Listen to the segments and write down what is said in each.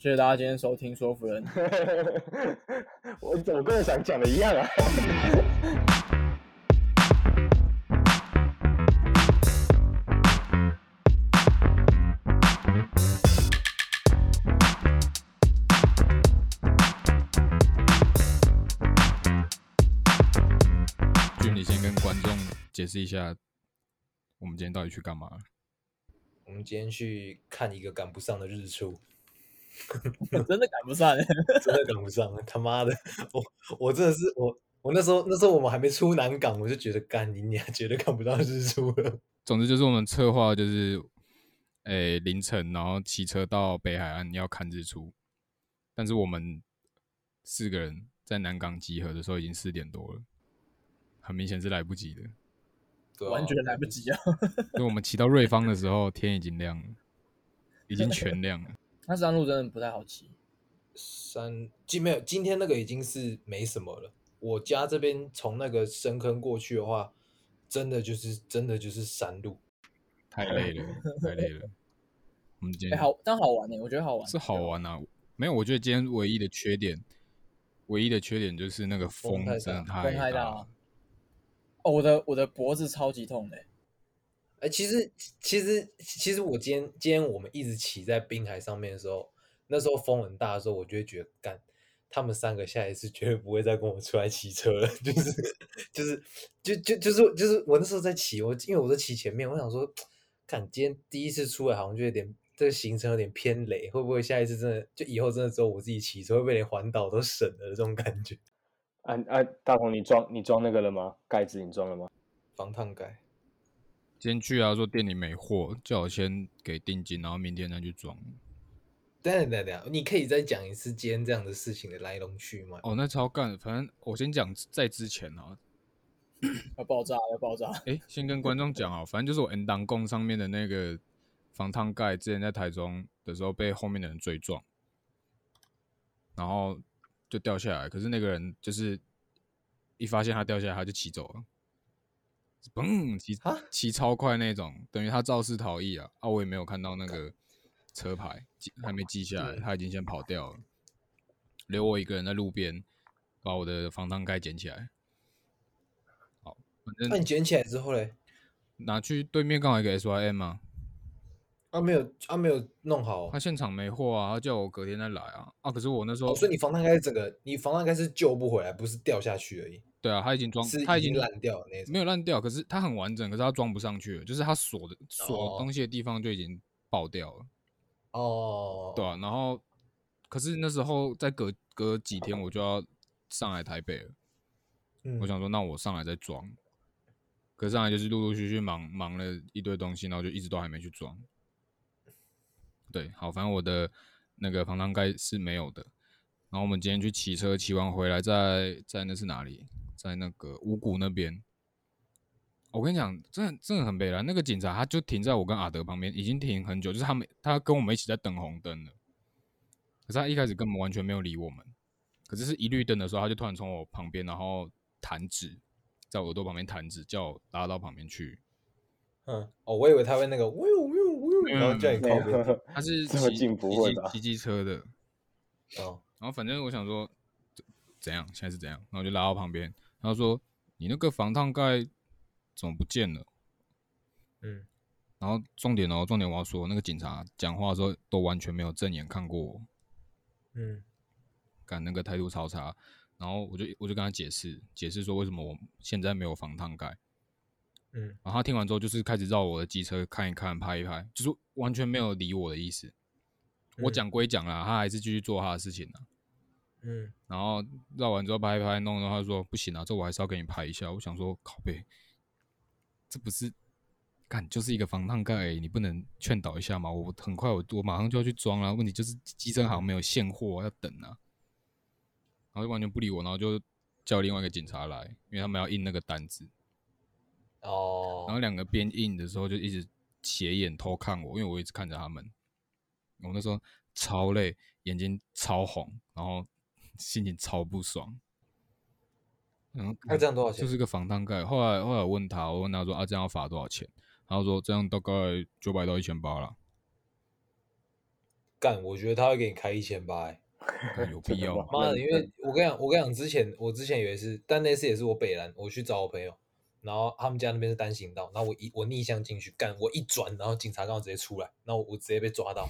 謝謝大家今天收聽《說服人 》。我怎麼跟我想講的一樣啊？俊，你先跟觀眾解釋一下，我們今天到底去幹嘛？我們今天去看一個趕不上的日出。 真的趕不， 不上，真的趕不上，他媽的，我我真的是我我那時候那時候我們還沒出南港，我就覺得幹，你你還絕對看不到日出了。總之就是我們策劃就是，欸、凌晨然後騎車到北海岸要看日出，但是我們四個人在南港集合的時候已經四點多了，很明顯是來不及的。對啊，完全來不及啊！因 為我們騎到瑞芳的時候，天已經亮了，已經全亮了。 那山路真的不太好騎，山今沒有今天那個已經是沒什麼了。我家這邊從那個深坑過去的話，真的就是真的就是山路，太累了， 太累了。 我們今天好，但好玩誒，我覺得好玩。是好玩啊，沒有，我覺得今天唯一的缺點，唯一的缺點就是那個風真的太大，大。哦，我的我的脖子超級痛的欸。哎、欸，其實其實其實我今天今天我們一直騎在濱海上面的時候，那時候風很大的時候，我就會覺得，幹，他們三個下一次絕對不會再跟我出來騎車了，就是就是就就就是就是我那時候在騎，我因為我在騎前面，我想說，看今天第一次出來好像就有點這個行程有點偏累，會不會下一次真的就以後真的只有我自己騎車，會不會連環島都省了這種感覺？啊啊，大鵬你裝你裝那個了嗎？蓋子你裝了嗎？防燙蓋。今天去啊，說店裡沒貨，叫我先給定金，然後明天再去裝。對、啊、對對、啊，你可以再講一次今天這樣的事情的來龍去脈。哦，那超幹的，反正我先講在之前啊，要爆炸要爆炸！誒，先跟觀眾講啊， 反正就是我 N 檔供上面的那個防燙蓋，之前在台中的時候被後面的人追撞，然後就掉下來。可是那個人就是一發現他掉下來，他就騎走了。嘣，騎騎超快那種，等於他肇事逃逸啊！啊，我也沒有看到那個車牌，還沒記下來，他已經先跑掉了，留我一個人在路邊，把我的防燙蓋撿起來。好，反正、那、啊、你撿起來之後呢？拿去對面剛好一個 S Y M 嘛、啊。啊沒有，啊沒有弄好、哦，他現場沒貨啊，他叫我隔天再來啊。啊可是我那時候，哦、所以你防彈蓋是整個，你防彈蓋是救不回來，不是掉下去而已。對啊，他已經裝，他已經爛掉了那種，沒有爛掉，可是它很完整，可是它裝不上去了，就是它鎖的鎖東西的地方就已經爆掉了。哦，對啊，然後可是那時候再隔隔幾天我就要上來台北了，嗯、我想說那我上來再裝，可是上來就是陸陸續續忙忙了一堆東西，然後就一直都還沒去裝。對，好，反正我的那個防彈蓋是沒有的。然後我們今天去騎車，騎完回來，在在那是哪裡？在那個五穀那邊、哦。我跟你講，真的真的很悲慘。那個警察他就停在我跟阿德旁邊，已經停很久，就是他們他跟我們一起在等紅燈了。可是他一開始根本完全沒有理我們，可是是一綠燈的時候，他就突然從我旁邊，然後彈指，在我耳朵旁邊彈指，叫我拉到旁邊去。嗯，哦，我以為他會那個，我有，我有。然後叫他是騎機機機車的，哦、oh.，然後反正我想說怎，怎樣，現在是怎樣？然後就拉到旁邊，他說你那個防燙蓋怎麼不見了？嗯，然後重點哦，重點我要說，那個警察講話的時候都完全沒有正眼看過我，嗯，幹那個態度超差，然後我就我就跟他解釋，解釋說為什麼我現在沒有防燙蓋。嗯，然後他聽完之後，就是開始繞我的機車看一看，拍一拍，就是完全沒有理我的意思。我講歸講啦，他還是繼續做他的事情啦。嗯，然後繞完之後拍一拍，弄了，他說不行啊，這我還是要給你拍一下。我想說，靠北，這不是看就是一個防燙蓋，欸，你不能勸導一下嗎？我很快我我馬上就要去裝了，問題就是機身好像沒有現貨要等啊。然後就完全不理我，然後就叫另外一個警察來，因為他們要印那個單子。哦、oh.，然後兩個邊印的時候，就一直斜眼偷看我，因為我一直看着他們。我那時候超累，眼睛超紅，然後心情超不爽。然後開、啊、這樣多少錢？嗯、就是個防燙蓋。後來後來我問他，我問他說啊，這樣要罰多少錢？他說這樣大概九百到一千八了。幹，我覺得他會給你開一千八，有必要 嗎？媽的，因為我跟你講，我跟你講，之前我之前有一次，但那次也是我被攔，我去找我朋友。然後他們家那邊是單行道，然後我一我逆向進去，幹我一轉，然後警察剛好直接出來，然後我直接被抓到。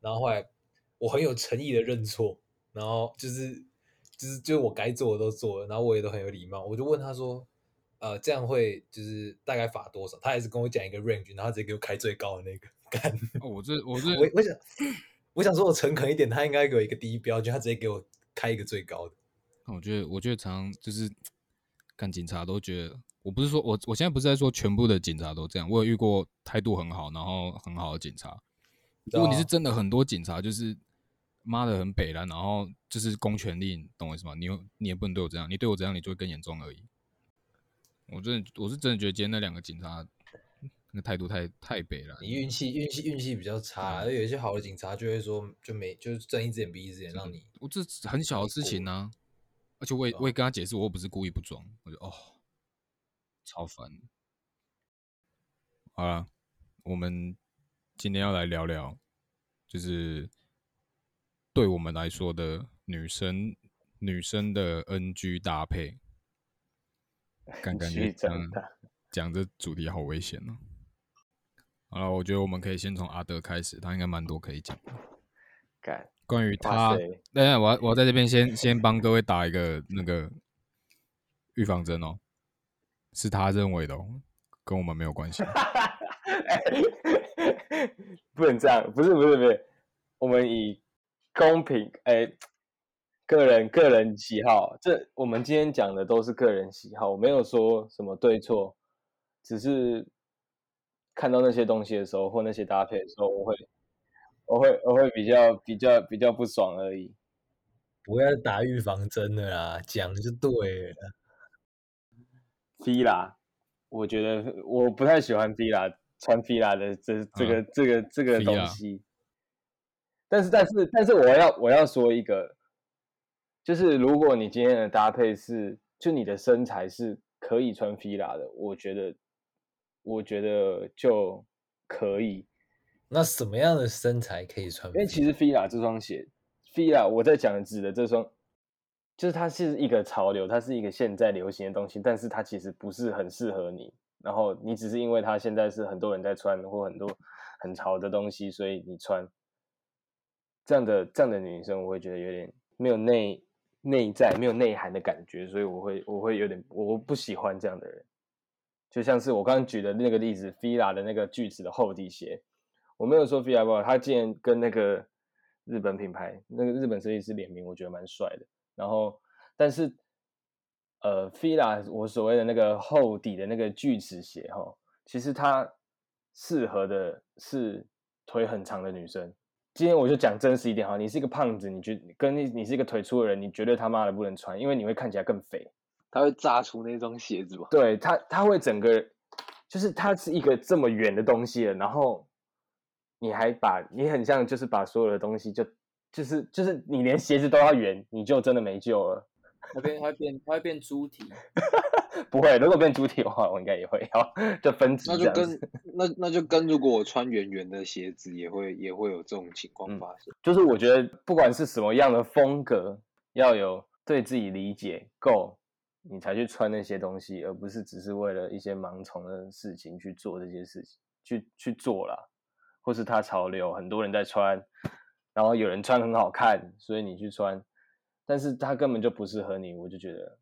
然後後來我很有誠意的認錯，然後就是就是就我該做的都做了，然後我也都很有禮貌，我就問他說，呃，這樣會就是大概罰多少？他還是跟我講一個 range，然後他直接給我開最高的那個幹。哦，我這我這我我想我想說，我誠懇一點，他應該給我一個低標，就他直接給我開一個最高的。我覺得我覺得常，常就是幹警察都覺得。我不是說，我我現在不是在說全部的警察都這樣。我有遇過態度很好，然後很好的警察。如果你是真的，很多警察就是媽的很北，了，然後就是公權力，懂我意思嗎？你你也不能對我這樣，你對我這樣，你就會更嚴重而已。我真的，我是真的覺得今天那兩個警察那態度太太北了。你運氣運氣運氣比較差，嗯、有一些好的警察就會說就沒就是睜一只眼閉一只眼讓你。我這很小的事情啊，而且我也我也跟他解釋，我又不是故意不裝，我就哦。超煩！好了，我們今天要來聊聊，就是對我們來說的女生女生的 NG 搭配。感覺剛剛講講這主題好危險哦、啊。好了，我覺得我們可以先從阿德開始，他應該蠻多可以講的。關於他，等一下，我我在這邊先先幫各位打一個那個預防針哦。是他認為的，跟我們沒有關係、 欸。不能這樣，不是不是不是，我們以公平哎、欸，個人個人喜好，這我們今天講的都是個人喜好，我沒有說什麼對錯，只是看到那些東西的時候或那些搭配的時候，我會我會我會比較比較比較不爽而已。我要打預防針的啦，講就對了。fila，我覺得我不太喜歡 fila 穿 fila 的這這個、嗯、這個、這個、這個東西，fila、但是但是但是我要我要說一個，就是如果你今天的搭配是就你的身材是可以穿 fila 的，我覺得我覺得就可以。那什麼樣的身材可以穿？因為其實 fila 這雙鞋，fila 我在講指的這雙。就是它是一個潮流，它是一個現在流行的東西，但是它其實不是很適合你。然後你只是因為它現在是很多人在穿，或很多很潮的東西，所以你穿這樣的這樣的女生，我會覺得有點沒有內內在、沒有內涵的感覺，所以我會我會有點我不喜歡這樣的人。就像是我剛剛舉的那個例子，Fila 的那個鋸齒的厚底鞋，我沒有說 Fila 不好，它竟然跟那個日本品牌、那個日本設計師聯名，我覺得蠻帥的。然後，但是，呃，Fila 我所謂的那個厚底的那個鋸齒鞋哈，其實它適合的是腿很長的女生。今天我就講真實一點哈，你是一個胖子，你覺跟你你是一個腿粗的人，你絕對他媽的不能穿，因為你會看起來更肥。它會炸出那雙鞋子吧？對，它它會整個，就是它是一個這麼遠的東西，然後你還把，你很像就是把所有的東西就。就是就是，就是，你連鞋子都要圓，你就真的沒救了。它變它變它會變豬蹄， 不會。如果變豬蹄的話，我應該也會。要，就分子。那就跟那那就跟，如果我穿圓圓的鞋子，也會也會有這種情況發生，嗯。就是我覺得，不管是什麼樣的風格，要有對自己理解夠，go, 你才去穿那些東西，而不是只是為了一些盲從的事情去做這些事情去去做啦。或是它潮流，很多人在穿。然後有人穿很好看，所以你去穿，但是他根本就不適合你，我就覺得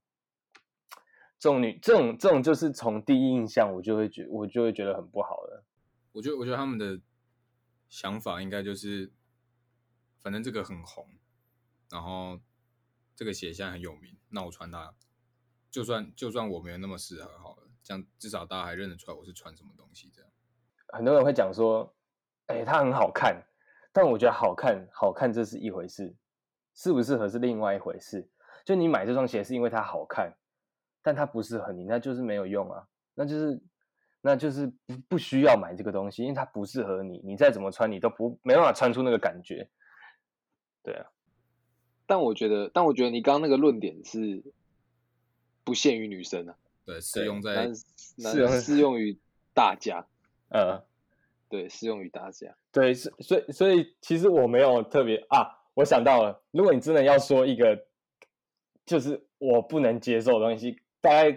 這種女這種這種就是從第一印象我就會覺我就會覺得很不好了。我覺得我覺得他們的想法應該就是，反正這個很紅，然後這個鞋現在很有名，那我穿它，就算就算我沒有那麼適合好了，這樣至少大家還認得出來我是穿什麼東西這樣。很多人會講說，哎，它很好看。但我覺得好看，好看這是一回事，適不適合是另外一回事。就你買這雙鞋是因為它好看，但它不適合你，那就是沒有用啊，那就是那就是不不需要買這個東西，因為它不適合你，你再怎麼穿你都不沒辦法穿出那個感覺。對啊，但我覺得，但我覺得你剛剛那個論點是不限於女生的啊，對，適用在但適適用於大家，呃。對，適用於大家。對，所以，所以，其實我沒有特別啊，我想到了，如果你真的要說一個，就是我不能接受的東西，大概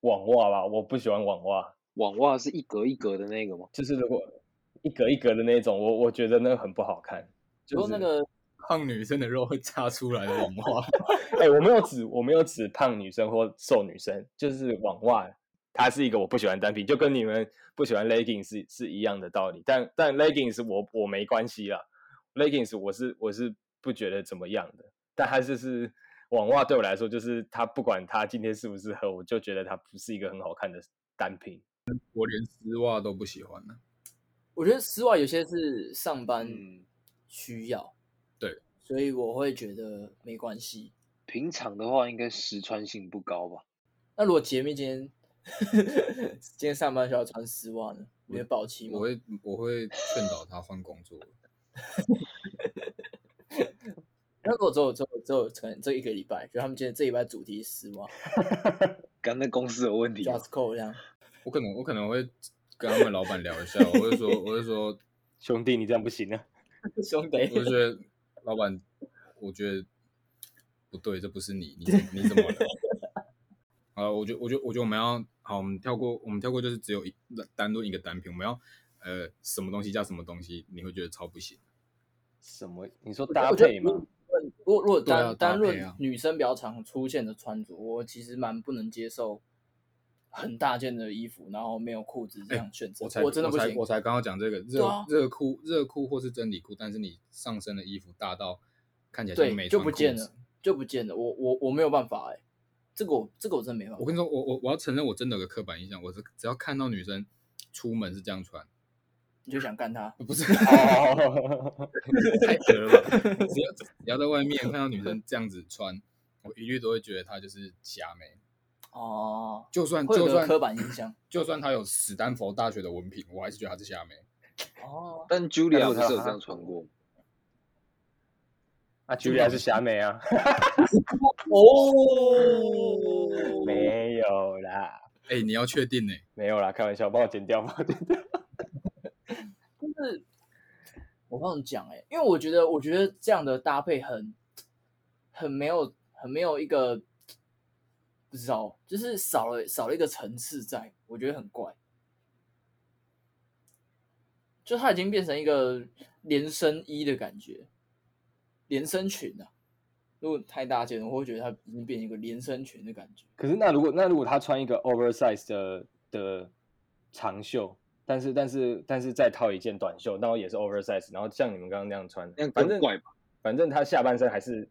網襪吧，我不喜歡網襪。網襪是一格一格的那個嗎？就是如果一格一格的那種，我我覺得那個很不好看，就是那個胖女生的肉會炸出來的網襪。哎、 欸，我沒有指，我沒有指胖女生或瘦女生，就是網襪。它是一個我不喜歡單品，就跟你們不喜歡 leggings 是，是一樣的道理。但但 leggings 我我沒關係啦，leggings 我是我是不覺得怎麼樣的。但它，就是是網襪對我來說，就是它不管它今天適不適合，我就覺得它不是一個很好看的單品。我連絲襪都不喜歡呢，啊。我覺得絲襪有些是上班需要，嗯，對，所以我會覺得沒關係。平常的話，應該實穿性不高吧？那如果姐妹今天。 今天上班需要穿絲襪的，沒有保期嗎。我會，我會勸導他換工作。如果只有只有只有可能這一個禮拜，就他們今天這禮拜主題是絲襪。剛 剛那個公司有問題，just call 這樣。我可能，我可能會跟他們老板聊一下。 我就說，我就說，兄弟，你這樣不行啊， 兄弟我會。我覺得老板，我覺得不對，這不是你，你你怎麼了？啊， 我覺，我覺，我覺得我,我們要。好，我們跳過，我們跳過，就是只有一單獨一個單品，我們要呃什麼東西加什麼東西，你會覺得超不行。什麼？你說搭配嗎？我我如果如果單、啊啊、單論女生比較常出現的穿着，我其實蠻不能接受很大件的衣服，然後沒有褲子這樣選擇、欸。我才我真的不行，我才剛剛講這個熱熱褲熱褲或是真理褲，但是你上身的衣服大到看起來沒對就不見了，就不見了，我我我沒有辦法哎、欸。這個我這個我真沒辦法。我跟你說，我我我要承認，我真的有個刻板印象，我是只要看到女生出門是這樣穿，你就想幹她，哦。不是，太絕了，只要只要在外面 看到女生這樣子穿，我一律都會覺得她就是瞎妹。哦，就算就算刻板印象，就算她有史丹佛大學的文憑，我還是覺得她是瞎妹。哦，但 Julia 但她有這樣穿過。嗯那居然是霞美啊！哦， oh、 沒有啦。哎、欸，你要確定呢、欸？沒有啦，開玩笑，幫我剪掉幫我剪掉。就 是我跟你講，哎，因為我覺得，我覺得這樣的搭配很、很沒有、很沒有一個，不知道，就是少了、少了一個層次在，在我覺得很怪。就它已經變成一個連身衣的感覺。連身裙啊，如果太大件，我會覺得它已經變成一個連身裙的感覺。可是那如果那如果他穿一個 oversize 的的長袖，但是但是但是再套一件短袖，那我也是 oversize 然後像你們剛剛那樣穿，那樣更怪吧？反正反正他下半身還是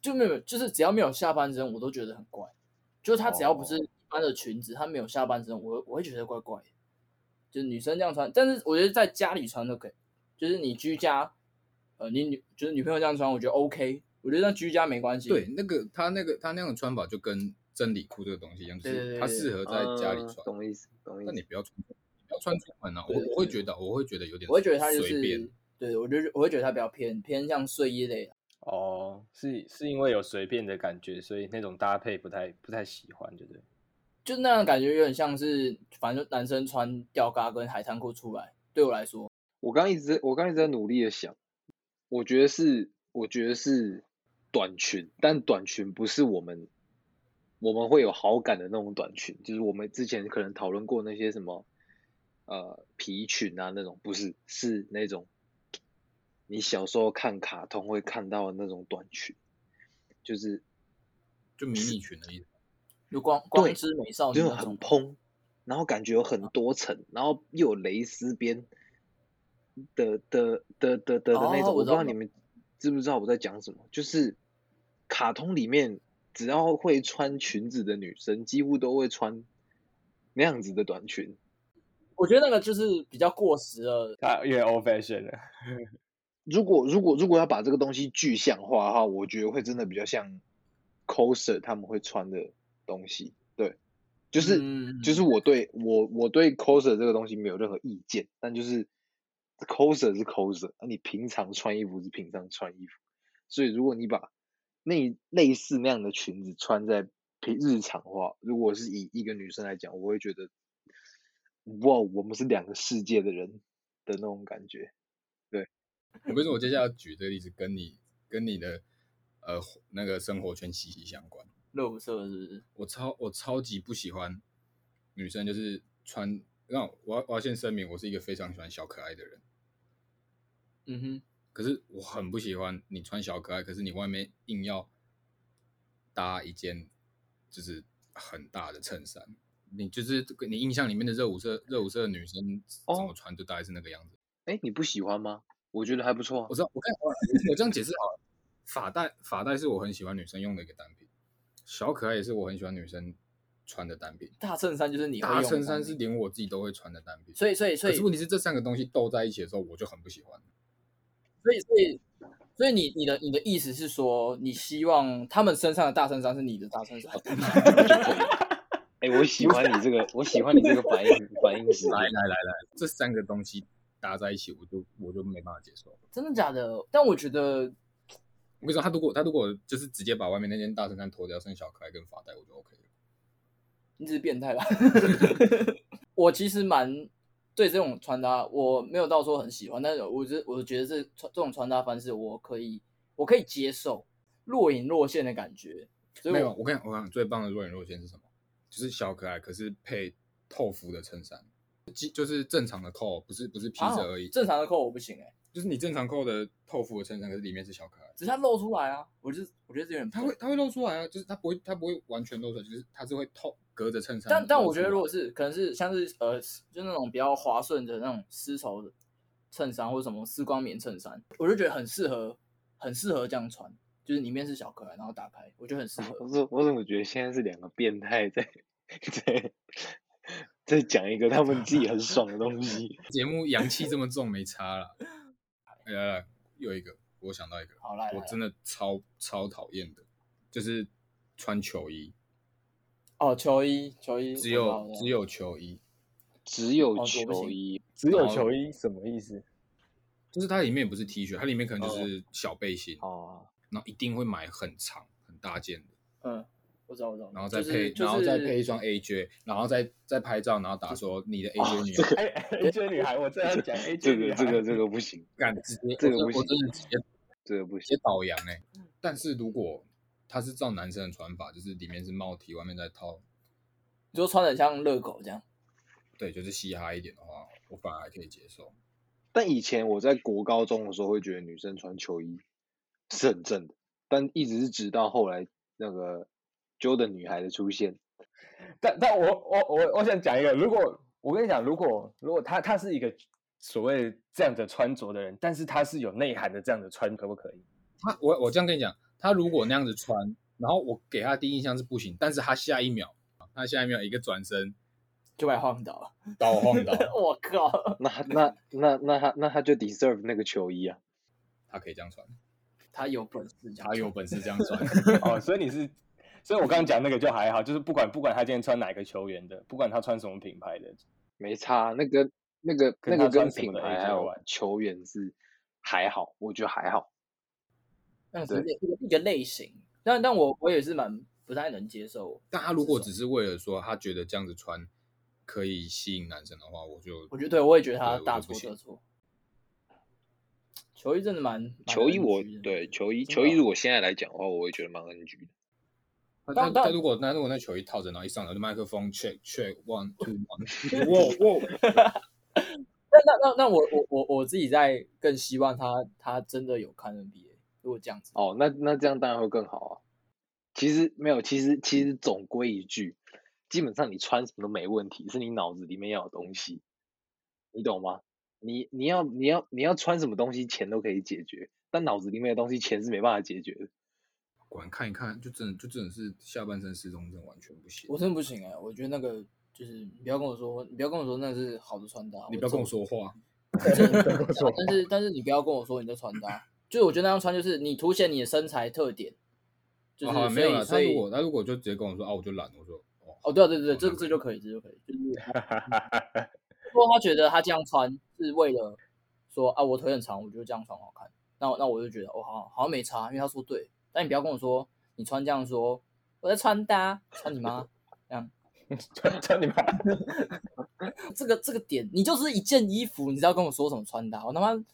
就沒有，就是只要沒有下半身，我都覺得很怪。就是他只要不是一般的裙子，他沒有下半身，我我會覺得怪怪的。就是女生這樣穿，但是我覺得在家裡穿都可以，就是你居家。呃，你女就是女朋友這樣穿，我覺得 OK，我覺得這樣居家沒關係。對，那個他那個他那樣的穿法就跟真理褲這個東西一樣，就是它適合在家裡穿，對對對、嗯、穿。懂意思？懂意思？那你不要穿不要穿出門啊！對對對，我我會覺得，我會覺得有點隨便，我會覺得它就是隨便。對，我就我會覺得它比較偏偏向睡衣類的。哦，是是因為有隨便的感覺，所以那種搭配不太不太喜歡，對不對？就那樣感覺有點像是，反正男生穿吊嘎跟海灘褲出來，對我來說，我剛一直我剛一直在努力的想。我覺得是，我覺得是短裙，但短裙不是我們我們會有好感的那種短裙，就是我們之前可能討論過那些什麼，呃，皮裙啊那種，不是，是那種你小時候看卡通會看到的那種短裙，就是就迷你裙而已。那種，就光光之美少女就很蓬，然後感覺有很多層，啊，然後又有蕾絲邊。的的的的的那種，oh, 我不知道你們知不知道我在講什麼？就是卡通裡面，只要會穿裙子的女生，幾乎都會穿那樣子的短裙。我覺得那個就是比較過時了啊，越 old fashion 如。如果如果如果要把這個東西具象化的話，我覺得會真的比較像 coser 他們會穿的東西。對，就是、mm -hmm. 就是我對我我對 coser 這個東西沒有任何意見，但就是。coser 是 coser，那你平常穿衣服是平常穿衣服，所以如果你把那類似那樣的裙子穿在平日常的話，如果是以一個女生來講，我會覺得，哇，我們是兩個世界的人的那種感覺，對。我不是，我接下來要舉這個例子，跟你跟你的呃那個生活圈息息相關。肉色是不是？我超我超級不喜歡女生就是穿，那我我要先聲明，我是一個非常喜歡小可愛的人。嗯哼，可是我很不喜歡你穿小可愛，可是你外面硬要搭一件就是很大的襯衫。你就是你印象裡面的熱舞社熱舞社的女生怎麼穿就大概是那個樣子。哎、哦欸，你不喜歡嗎？我覺得還不錯。我知道，我我、欸、我這樣解釋好。髮帶髮帶是我很喜歡女生用的一個單品，小可愛也是我很喜歡女生穿的單品。大襯衫就是你會的大襯衫是連我自己都會穿的單品。所以所以所以，可是問題是這三個東西鬥在一起的時候，我就很不喜歡。所以，所以，所以你你的你的意思是說，你希望他們身上的大襯衫是你的大襯衫？哎 欸，我喜歡你這個， 我喜歡你這個反應，反 應衣服 來來來來，這三個東西搭在一起，我就我就沒辦法接受。真的假的？但我覺得，我跟你說，他如果他如果就是直接把外面那件大襯衫脫掉，剩小可愛跟髮帶，我就 OK 了。你只是變態吧？ 我其實蠻。對這種穿搭，我沒有到說很喜歡，但是我覺得，我覺得這穿這種穿搭方式，我可以，我可以接受，若隱若現的感覺所以。沒有，我跟你我跟你講，最棒的若隱若現是什麼？就是小可愛，可是配透膚的襯衫，就是正常的扣，不是不是披著而已、啊。正常的扣我不行哎、欸。就是你正常扣的透膚的襯衫，可是裡面是小可愛，只是它露出來啊。我就是我覺得這有點，它會它會露出來啊，就是它不會它不會完全露出來，就是它是會透隔着襯衫。但但我覺得如果是可能是像是呃就那種比較滑順的那種絲綢的襯衫，或者什麼絲光棉襯衫，我就覺得很適合很適合這樣穿，就是裡面是小可愛，然後打開，我就很適合。不、啊、是我，我怎麼覺得現在是兩個變態在在在講一個他們自己很爽的東西，節 目陽氣這麼重沒差了。 欸、來來，又一個，我想到一個，好來，來，來，我真的超超討厭的，就是穿球衣，哦，球衣，球衣，只有只有球衣，只有球衣，哦、球衣只有球衣，什麼意思？就是它裡面也不是 T 恤，它裡面可能就是小背心，哦，那一定會買很長很大件的，嗯。不知道不知道，然後再配，就是、然後再配一雙 AJ，、就是、然後再再拍照，然後打說你的 AJ 女孩、啊、 A,，AJ 女孩，我正要講 AJ 這個這個這個不行，幹直接這個不行，這個、不行。直接導羊哎、欸！但是如果他是照男生的穿法，就是裡面是帽體，外面再套，就穿的像熱狗這樣，對，就是嘻哈一點的話，我反而還可以接受。但以前我在國高中的時候，會覺得女生穿球衣是很正的，但一直是直到後來那個。j 揪的女孩的出現，但但我我我我想講一個，如果我跟你講，如果如果她她是一個所謂這樣子穿着的人，但是她是有內涵的這樣子穿，可不可以？她我我這樣跟你講，她如果那樣子穿，然後我給她第一印象是不行，但是她下一秒，她下一秒一個轉身就來晃倒，把我晃倒，我 靠！那那那那她那她就 deserve 那個球衣啊，她可以這樣穿，她有本事，她有本事這樣穿， 哦，所以你是。所以，我剛剛講那個就還好，就是不管不管他今天穿哪個球員的，不管他穿什麼品牌的，沒差。那個那個那個跟品牌還好跟的球員是還好，我覺得還好。但是一個一個類型，但但我我也是蠻不太能接受。但他如果只是為了說他覺得這樣子穿可以吸引男生的話，我就我覺得對，我也覺得他大錯特錯，錯。球衣真的蠻……蠻的球衣我對球衣球衣，球衣如果現在來講的話，我會覺得蠻 NG 的。那那如果那如果那,那,那,那球衣套着，然後一上來，就麥克風 check check one two one，哇 哇，那那那那我我我我自己在更希望他他真的有看 NBA，如果這樣子，哦，那那這樣當然會更好啊。其實沒有，其實其實總歸一句，基本上你穿什麼都沒問題，是你腦子裡面要有東西，你懂嗎？你你要你要你要穿什麼東西，錢都可以解決，但腦子裡面的東西，錢是沒辦法解決的。管看一看，就真的就真的是下半身失蹤症，完全不行。我、喔、真的不行哎、欸，我覺得那個就是，你不要跟我說，你不要跟我說那是好的穿搭。你不要跟我說話。 是是但是 但是你不要跟我說你的穿搭，就是我覺得那樣穿就是你凸顯你的身材特點。就是、哦啊、沒有啦。所以，他如果他如果就直接跟我說啊，我就懶，我說哦、喔，對、啊、對對、啊、對，這這就可以，這就可以。 就是，如果他覺得他這樣穿是為了說啊，我腿很長，我覺得這樣穿好看。那那我就覺得哦好好像沒差，因為他說對。但你不要跟我說你穿這樣說，說我在穿搭，啊，穿你媽， 這樣穿穿你媽、 這個，這個這個點你就是一件衣服，你知道跟我說什麼穿搭？啊？我他媽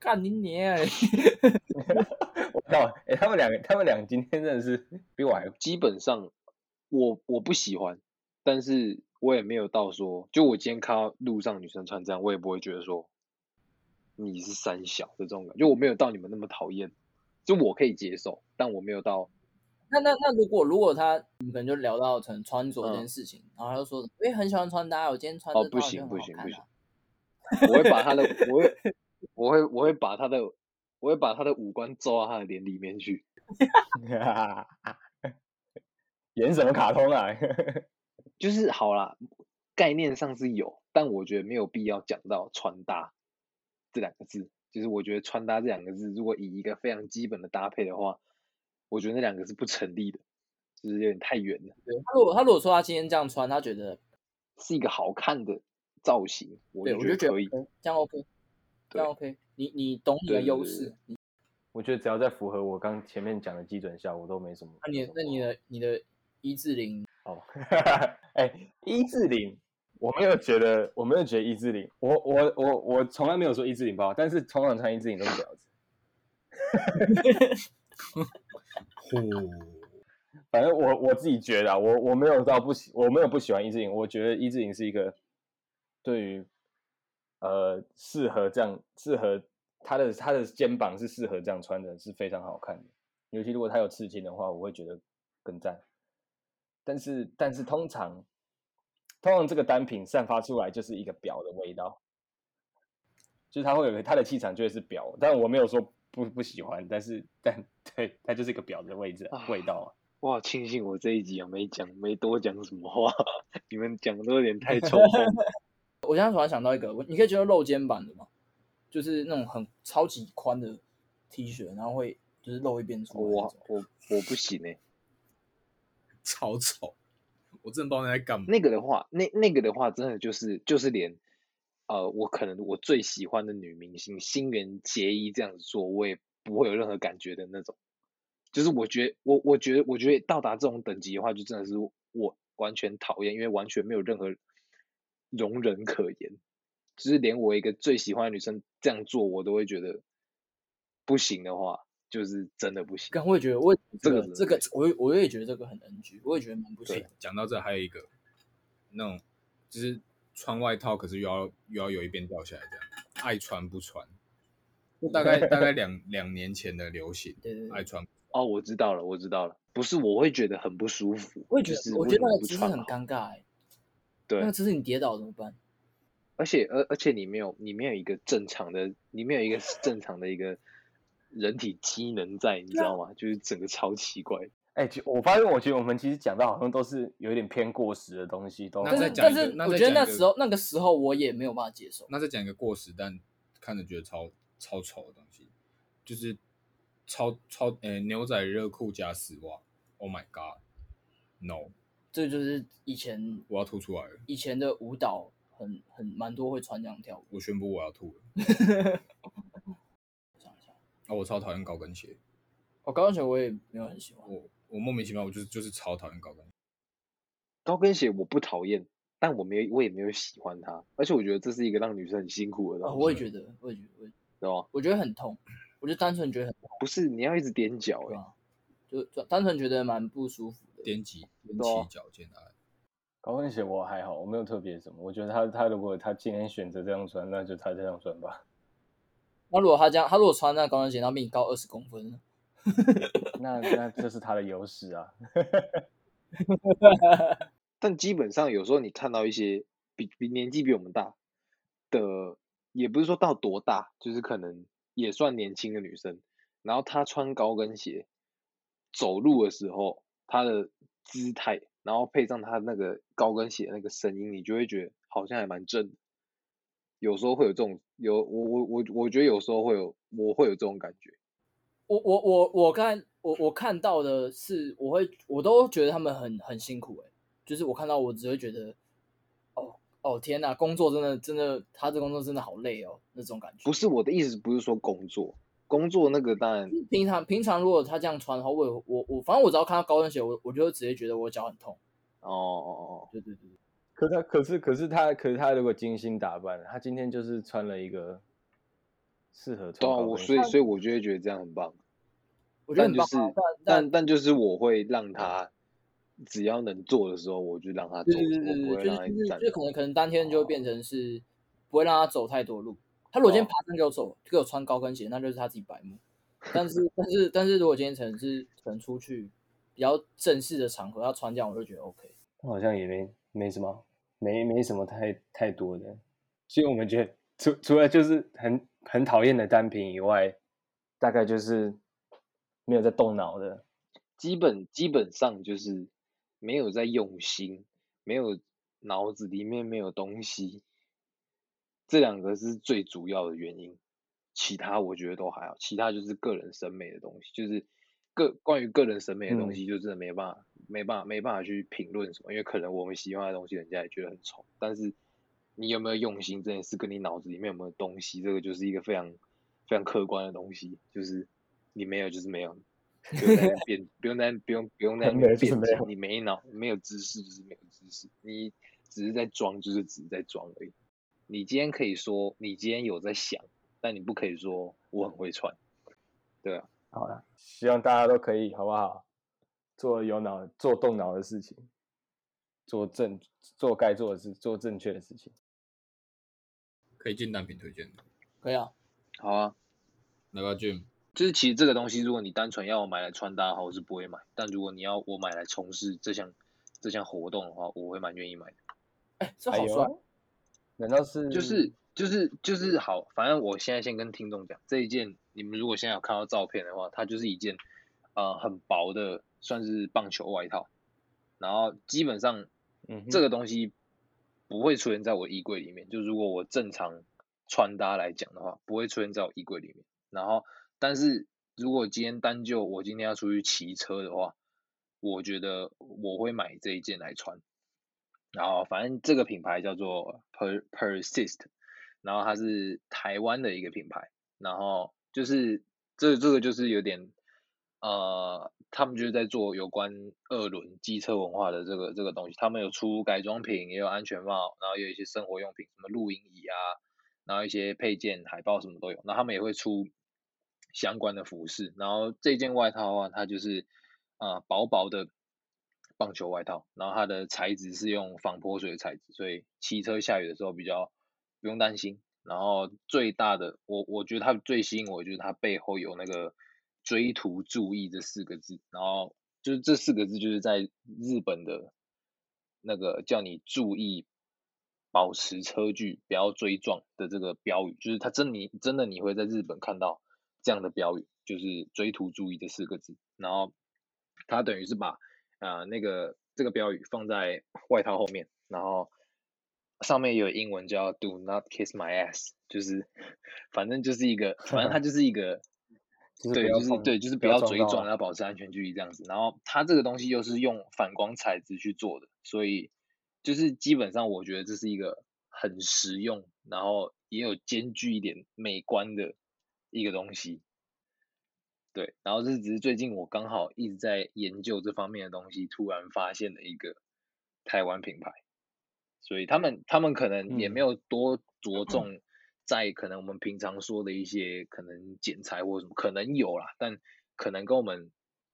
幹你娘！知道，哎，他們兩個他們兩個今天真的是比我還……基本上我我不喜歡，但是我也沒有到說，就我今天看到路上女生穿這樣，我也不會覺得說你是三小的這種感覺，就我沒有到你們那麼討厭。就我可以接受，但我沒有到。那、那、那如果如果他，你可能就聊到成穿着這件事情、嗯，然後他就說：“我也很喜歡穿搭，我今天穿哦，不行不行、啊、不行，不行 我會把他的，我會我會我會把他的，我會把他的五官揍到他的臉裡面去。 演什麼卡通啊？ 就是好啦，概念上是有，但我覺得沒有必要講到穿搭這兩個字。其實我覺得“穿搭”這兩個字，如果以一個非常基本的搭配的話，我覺得那兩個是不成立的，就是有點太遠了。對，他如果他如果說他今天這樣穿，他覺得是一個好看的造型，對我覺得，我覺得 OK, 可以這樣 OK，這樣 OK 你。你你懂你的優勢，你我覺得只要在符合我剛前面講的基準下，我都沒什麼。那你那你的你的一字領，哦，哎、 欸，一字領。我沒有覺得，我沒有覺得一字領，我我我我從來沒有說一字領不好，但是通常穿一字領都是這樣子、 嗯。反正我我自己覺得、啊，我我沒有到不喜，我沒有不喜歡一字領，我覺得一字領是一個對於呃適合這樣適合他的他的肩膀是適合這樣穿的，是非常好看的。尤其如果他有刺青的話，我會覺得更贊。但是但是通常。通常這個單品散發出來就是一個表的味道，就是它會有它的氣場，就會是表。但我沒有說不不喜歡，但是但對，它就是一個表的味道。哇、啊，我好慶幸我這一集啊沒講沒多講什麼話，你們講的都有點太醜。 我現在突然想到一個，你可以覺得露肩版的嘛，就是那種很超級寬的 T 恤，然後會就是露一邊出來。我我我不行哎，欸，超醜。我真在嘛，那個的話，那那個的話，真的就是就是連呃，我可能我最喜歡的女明星新垣結衣這樣子做，我也不會有任何感覺的那種。就是我覺得，我我覺得，我覺得到達這種等級的話，就真的是我完全討厭，因為完全沒有任何容忍可言。就是連我一個最喜歡的女生這樣做，我都會覺得不行的話。就是真的不行，但我也覺得，我這個、這個、這個，我我也覺得這個很 NG，我也覺得蠻不行。講、欸、到這還有一個那種，就是穿外套可是又要又要有一邊掉下來這樣，愛穿不穿。大概 大概兩兩 年前的流行，對對對，愛穿不穿。哦，我知道了，我知道了，不是，我會覺得很不舒服。我也覺得，就是、我覺得真的很尷尬哎、欸。對，那這個、是你跌倒怎麼辦？而且而而且你沒有你沒有一個正常的，你沒有一個正常的一個。 人體機能在，你知道嗎？就是整個超奇怪。哎、欸，我發現，我覺得我們其實講的好像都是有點偏過時的東西。但是那在，但是，我覺得那時候那個，那個時候我也沒有辦法接受。那再講一個過時但看着覺得超超醜的東西，就是超超誒、欸、牛仔熱褲加絲襪。Oh my god，no！這就是以前我要吐出來了。以前的舞蹈很很蠻多會穿這樣跳舞。我宣布，我要吐了。 那、哦、我超討厭高跟鞋，哦，高跟鞋我也沒有很喜歡。我我莫名其妙，我就是就是超討厭高跟鞋。高跟鞋我不討厭，但我沒我也沒有喜歡它，而且我覺得這是一個讓女生很辛苦的東西。哦、我也覺得，我也覺得，知道嗎？我覺得很痛，我就單純覺得很痛。不是，你要一直踮腳、欸，就，就單純覺得蠻不舒服的。踮起踮起腳尖來、啊、高跟鞋我還好，我沒有特別什麼，我覺得他他如果他今天選擇這樣穿，那就他這樣穿吧。那如果他這樣，他如果穿那高跟鞋，他比你高二十公分呢？ 那那這是他的優勢啊。 但基本上有時候你看到一些比比年紀比我們大的，也不是說到多大，就是可能也算年輕的女生，然後她穿高跟鞋走路的時候，她的姿態，然後配上她那個高跟鞋那個聲音，你就會覺得好像還蠻正的。有時候會有這種有我我我我覺得有時候會有我會有這種感覺，我我我我看我我看到的是我會我都覺得他們很很辛苦欸，就是我看到我只會覺得，哦哦天吶啊，工作真的真的他這工作真的好累哦那種感覺，不是我的意思，不是說工作工作那個當然，平常平常如果他這樣穿的話，我我我反正我只要看到高跟鞋，我我就直接覺得我腳很痛，哦哦哦，對對對。可他可是可是他可是他如果精心打扮，他今天就是穿了一個適合穿。對啊。我所以所以我就會覺得這樣很棒。但我覺得很棒就是但但但，但就是我會讓他只要能坐的時候，我就讓他坐。我對對對，我覺得可能可能當天就會變成是不會讓他走太多路。他如果今天爬山就走，如、哦、果穿高跟鞋，那就是他自己白目。 但是但是但是如果今天真的是可能出去比較正式的場合要穿這樣，我就覺得 OK。他好像也沒沒什麼。沒沒什麼太太多的，所以我們覺得除除了就是很很討厭的單品以外，大概就是沒有在動腦的，基本基本上就是沒有在用心，沒有，腦子裡面沒有東西，這兩個是最主要的原因，其他我覺得都還好，其他就是個人審美的東西，就是。個關於個人審美的東西，就真的沒辦法，嗯、沒辦法，沒辦法去評論什麼，因為可能我們喜歡的東西，人家也覺得很醜。但是你有沒有用心，真的是跟你腦子裡面有沒有東西，這個就是一個非常非常客觀的東西。就是你沒有，就是沒有，就在編， 不用在，不用，不用在那邊編。你沒腦，沒有知識，就是沒有知識。你只是在裝，就是只是在裝而已。你今天可以說你今天有在想，但你不可以說我很會穿，對啊。好了，希望大家都可以，好不好？做有腦、做動腦的事情，做正、做該做的事，做正確的事情。可以進單品推薦的，可以啊，好啊。來吧 Jim，就是其實這個東西，如果你單純要我買來穿搭的話，我是不會買；但如果你要我買來從事這項這項活動的話，我會蠻願意買的。哎、欸，這好帥、哎！難道是？就是。就是就是好，反正我現在先跟聽眾講，這一件你們如果現在有看到照片的話，它就是一件呃很薄的，算是棒球外套。然後基本上、嗯、這個東西不會出現在我衣櫃裡面，就如果我正常穿搭來講的話，不會出現在我衣櫃裡面。然後但是如果今天單就我今天要出去騎車的話，我覺得我會買這一件來穿。然後反正這個品牌叫做 Per Persist。然後它是台灣的一個品牌，然後就是這個、這個就是有點，呃，他們就是在做有關二輪機車文化的這個這個東西，他們有出改裝品，也有安全帽，然後也有一些生活用品，什麼露營椅啊，然後一些配件、海報什麼都有，那他們也會出相關的服飾。然後這件外套的、啊、話，它就是啊、呃、薄薄的棒球外套，然後它的材質是用防潑水的材質，所以騎車下雨的時候比較。不用擔心。然後最大的，我我覺得它最吸引我，就是它背後有那個“追突注意”這四個字。然後就是這四個字，就是在日本的那個叫你注意保持車距，不要追撞的這個標語，就是它真你真的你會在日本看到這樣的標語，就是“追突注意”這四個字。然後它等於是把呃那個這個標語放在外套後面，然後。上面有英文叫 “Do not kiss my ass”，就是反正就是一個，反正它就是一個，嗯、對，就是對，就是不要追撞、啊，要保持安全距離這樣子。然後它這個東西又是用反光材質去做的，所以就是基本上我覺得這是一個很實用，然後也有兼具一點美觀的一個東西。對，然後這只是最近我剛好一直在研究這方面的東西，突然發現的一個台灣品牌。所以他們他們可能也沒有多着重在可能我們平常說的一些可能剪裁或什麼，可能有啦，但可能跟我們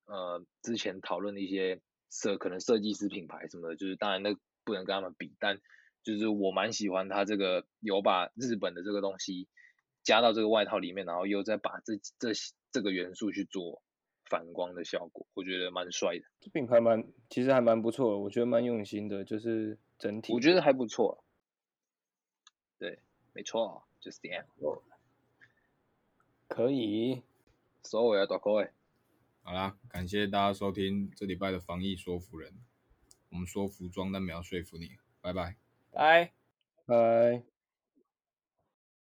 呃之前討論的一些設可能設計師品牌什麼的，就是當然那不能跟他們比，但就是我蠻喜歡它這個有把日本的這個東西加到這個外套裡面，然後又再把這這這個元素去做反光的效果，我覺得蠻帥的。這品牌蠻，其實還蠻不錯的，我覺得蠻用心的，就是。整體我覺得還不錯，對，沒錯，就是這樣。可以，所謂的大哥。好啦，感謝大家收聽這禮拜的防疫說服人，我們說服裝，但沒有說服你。拜拜，拜拜。Bye